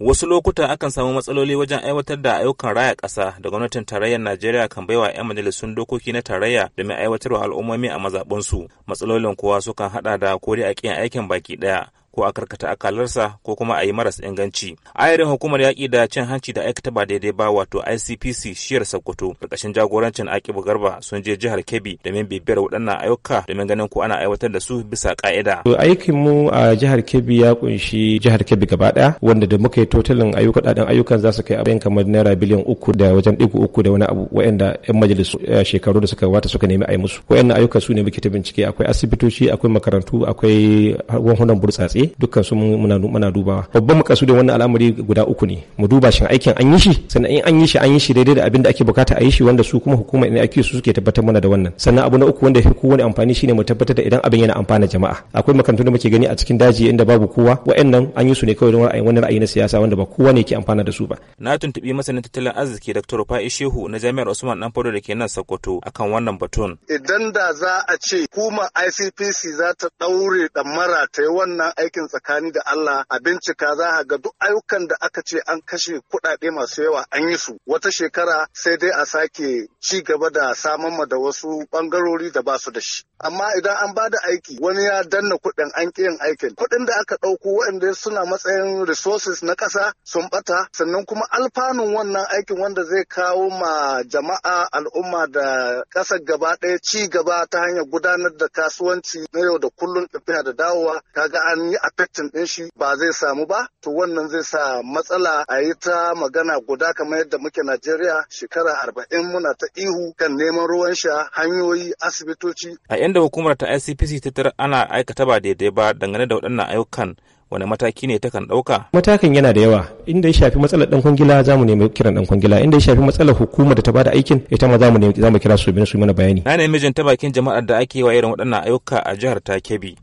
Wasu lokuta akan samu matsaloli wajen aiwatar da ayyukan raya ƙasa da gwamnatin tarayyar Najeriya kan bai wa 'yan majalisun dokoki na tarayya domin aiwatarwa al'ummomi a mazaɓunsu. Matsalolin kuwa sukan haɗa da kori a aikin baki ɗaya ko a karkata akalarsa ko kuma a yi maras inganci ayarin hukumar yaƙi da cin hanci da aikata ba daidai ba wato icpc shiyar sokoto ƙarƙashin jagorancin akibu garba sun je jihar kebbi domin bibiyar waɗannan ayyuka domin ganin ko ana aiwatar da su bisa ƙa'ida. aikin mu a jihar kebbi ya kunshi jihar kebbi gaba ɗaya wanda da muka yi totalin ayyuka ɗaɗin ayyukan za su kai abin kamar naira biliyan uku da wajen ɗigo uku da wani abu waɗanda 'yan majalis eh, shekaru da suka wata suka nemi a yi musu waɗannan ayyuka su ne muke ta bincike akwai asibitoci akwai makarantu akwai eh, wahunan burtsatse dukkan su muna dubawa babban makasudin wannan al'amari guda uku ne mu duba shin aikin an yi shi sannan in an yi shi an yi shi daidai da abin da ake bukata a yi shi wanda su kuma hukumar ne ake su suke tabbatar mana da wannan sannan abu na uku wanda ya fi kowane amfani shine mu tabbatar da idan abin yana amfana jama'a akwai makarantu da muke gani a cikin daji inda babu kowa wa'annan an yi su ne kawai don ra'ayin wannan ra'ayi na siyasa wanda ba kowa ne ke amfana da su ba na tuntubi masanin tattalin arziki Dr. Fa'i Shehu na Jami'ar Usman dan fado da ke nan Sokoto akan wannan batun idan da za a ce hukumar ICPC za ta daure damara ta yi wannan aiki aikin tsakani da Allah a bincika za a ga duk ayyukan da aka ce an kashe kuɗaɗe masu yawa an yi su wata shekara sai dai a sake ci gaba da samun ma da wasu ɓangarori da ba su da shi. Amma idan an ba da aiki wani ya danna kuɗin an ƙi yin aikin kuɗin da aka ɗauko waɗanda suna matsayin resources na ƙasa sun ɓata sannan kuma alfanun wannan aikin wanda zai kawo ma jama'a al'umma da ƙasar gaba ɗaya ci gaba ta hanyar gudanar da kasuwanci na yau da kullum tafiya da dawowa kaga an yi affecting ɗin shi ba zai samu ba to wannan zai sa matsala a yi ta magana guda kamar yadda muke Najeriya shekara arba'in muna ta ihu kan neman ruwan sha hanyoyi asibitoci. A inda hukumar ta ICPC ta tara ana aikata ba daidai ba dangane da waɗannan ayyukan wani mataki ne ta kan ɗauka? Matakan yana da yawa inda ya shafi matsalar ɗan kwangila za mu nemi kiran ɗan kwangila inda ya shafi matsalar hukumar da ta bada aikin ita ma za mu za mu kira su bin su mana bayani. Na ne mijin ta bakin jama'ar da ake wa irin waɗannan ayyuka a jihar Takebi. Kebbi.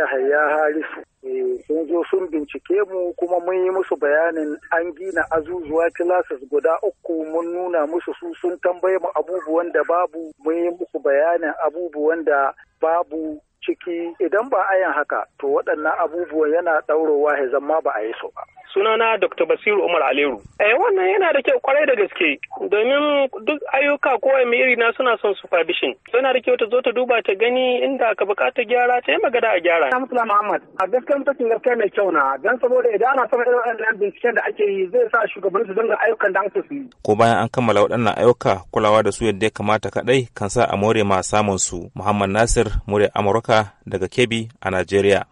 ya hayya Harisu zo sun bincike mu kuma mun yi musu bayanin an gina azuzuwa classes guda uku mun nuna musu su sun tambaye mu abubuwan da babu mun yi musu bayanin abubuwan da babu ciki idan ba a yin haka to waɗannan abubuwan yana ɗaurowa ya zama ba a yi so ba. sunana Dr. Basiru Umar Aleru. Eh wannan yana da kyau kwarai da gaske domin duk ayyuka ko iri na suna son supervision. Yana da kyau ta zo ta duba ta gani inda ka bukata gyara ta yi magana a gyara. Amsula Muhammad a gaskiya mutacin gaskiya mai kyau na don saboda idan ana son irin wannan binciken da ake yi zai sa shugabanni su dinga ayyukan da su yi. Ko bayan an kammala waɗannan ayyuka kulawa da su yadda ya kamata kaɗai kan sa a more ma samun su. Muhammad Nasir, more Amurka daga Kebbi a Najeriya.